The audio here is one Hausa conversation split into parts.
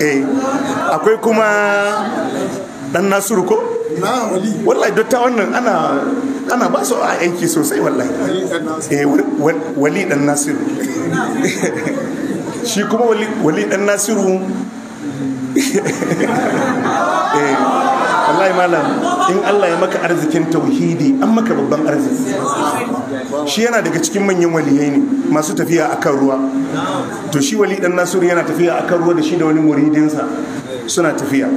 Eh, akwai kuma dan nasiru ko wallahi dotta wannan ana ana ba su aiki sosai wallahi eh wali dan nasiru shi kuma wali dan nasiru eh wallahi malam in Allah ya maka arzikin tauhidi an maka babban arziki shi yana daga cikin manyan waliyai ne masu tafiya akan ruwa to shi wali dan nasiru yana tafiya akan ruwa da shi da wani muridinsa suna tafiya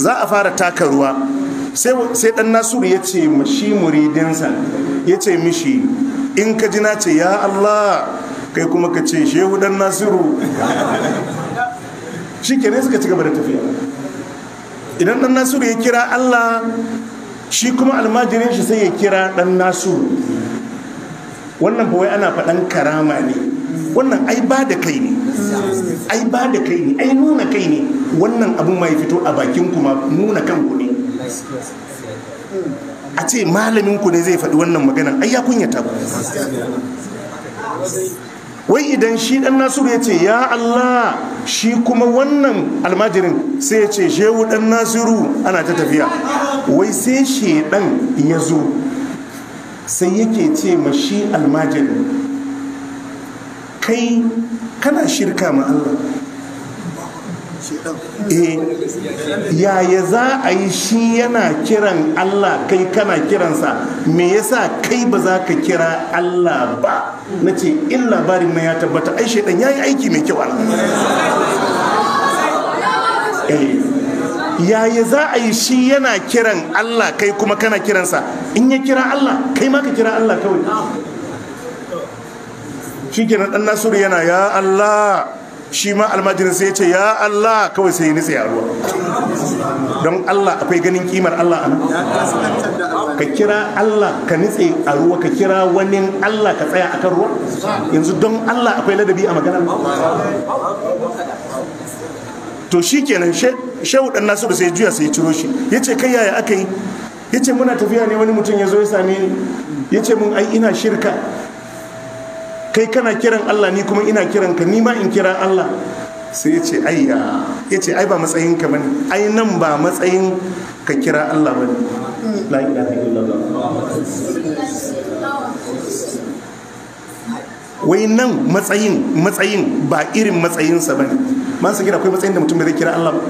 za a fara taka ruwa sai dan nasiru ya ce shi muridinsa ya ce mishi in ka ji ce ya Allah kai kuma ka ce shehu dan nasiru shi kenan suka ci gaba da tafiya idan dan nasiru ya kira Allah shi kuma almajirin shi sai ya kira dan nasiru wannan bawai ana faɗan karama ne wannan ai ba da kai ne ai ba da kai ne ai nuna kai ne wannan abun mai fito a bakin kuma nuna kan ku ne a ce malamin ku ne zai faɗi wannan magana ai ya kunyata ku wai idan shi dan nasiru ya ce ya Allah shi kuma wannan almajirin sai ya ce shehu dan nasiru ana ta tafiya wai sai shi dan ya zo sai yake ce ma shi almajirin kai kana shirka ma Allah Eh, yaya za a yi shi yana kiran Allah kai kana kiransa me yasa kai ba za ka kira Allah ba na ce in labarin na ya tabbata ai shaidan ya yi aiki mai kyau eh, yaya za a yi shi yana kiran Allah kai kuma kana kiransa in ya kira Allah kai ma ka kira Allah kawai shi kenan dan nasiru yana ya Allah shi ma almajirin sai ya ce ya Allah kawai sai ya nitse a ruwa don Allah akwai ganin kimar Allah a ka kira Allah ka nitse a ruwa ka kira wani Allah ka tsaya akan ruwa yanzu don Allah akwai ladabi a magana to shi kenan shehu dan nasiru sai juya sai ciro shi ya ce kai yaya aka yi ya ce muna tafiya ne wani mutum ya zo ya same ni ya ce mun ai ina shirka kai kana kiran Allah ni kuma ina kiran ka ni ma in kira Allah sai ya ce ayya ya ce ai ba matsayin ka bane ai nan ba matsayin ka kira Allah bane la ilaha illallah wai nan matsayin matsayin ba irin matsayinsa bane su kira akwai matsayin da mutum bai zai kira Allah ba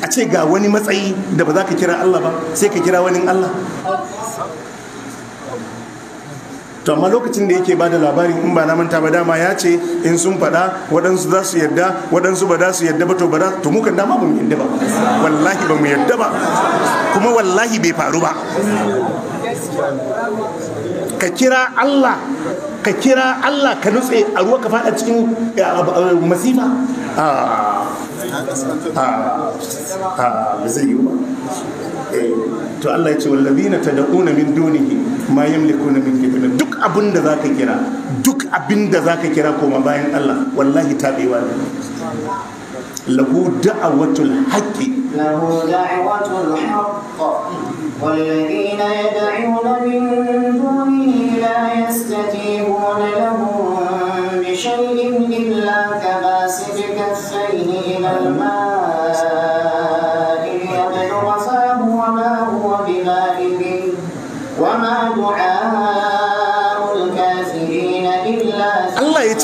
a ce ga wani matsayi da ba za ka kira Allah ba sai ka kira wani Allah to amma lokacin da yake bada labarin in ba na manta ba dama ya ce in sun faɗa waɗansu za su yadda waɗansu ba za su yadda ba to ba to mu kan dama ba mu yadda ba wallahi ba mu yadda ba kuma wallahi bai faru ba ka kira Allah ka kira Allah ka nutse a ruwa ka fada cikin eh, masifa ah, ah, ah, a zai yi ba eh, to Allah ya ce ta da'una min dunihi ma na min kibla duk abin da zaka kira duk abin da zaka kira koma bayan Allah wallahi tabewa ne lahu da'watul haqqi lahu da'watul haqqi والذين يدعون من دونه لا يستجيبون لهم بشيء كباسط كفيه الماء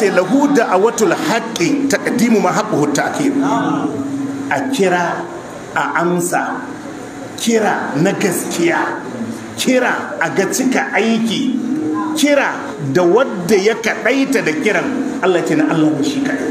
ce lahu da awatul haqqi taqdimu ma haqquhu ta'khir a kira a amsa kira na gaskiya kira a ga cika aiki kira da wadda ya kaɗaita da kiran Allah ce na Allah shi kaɗai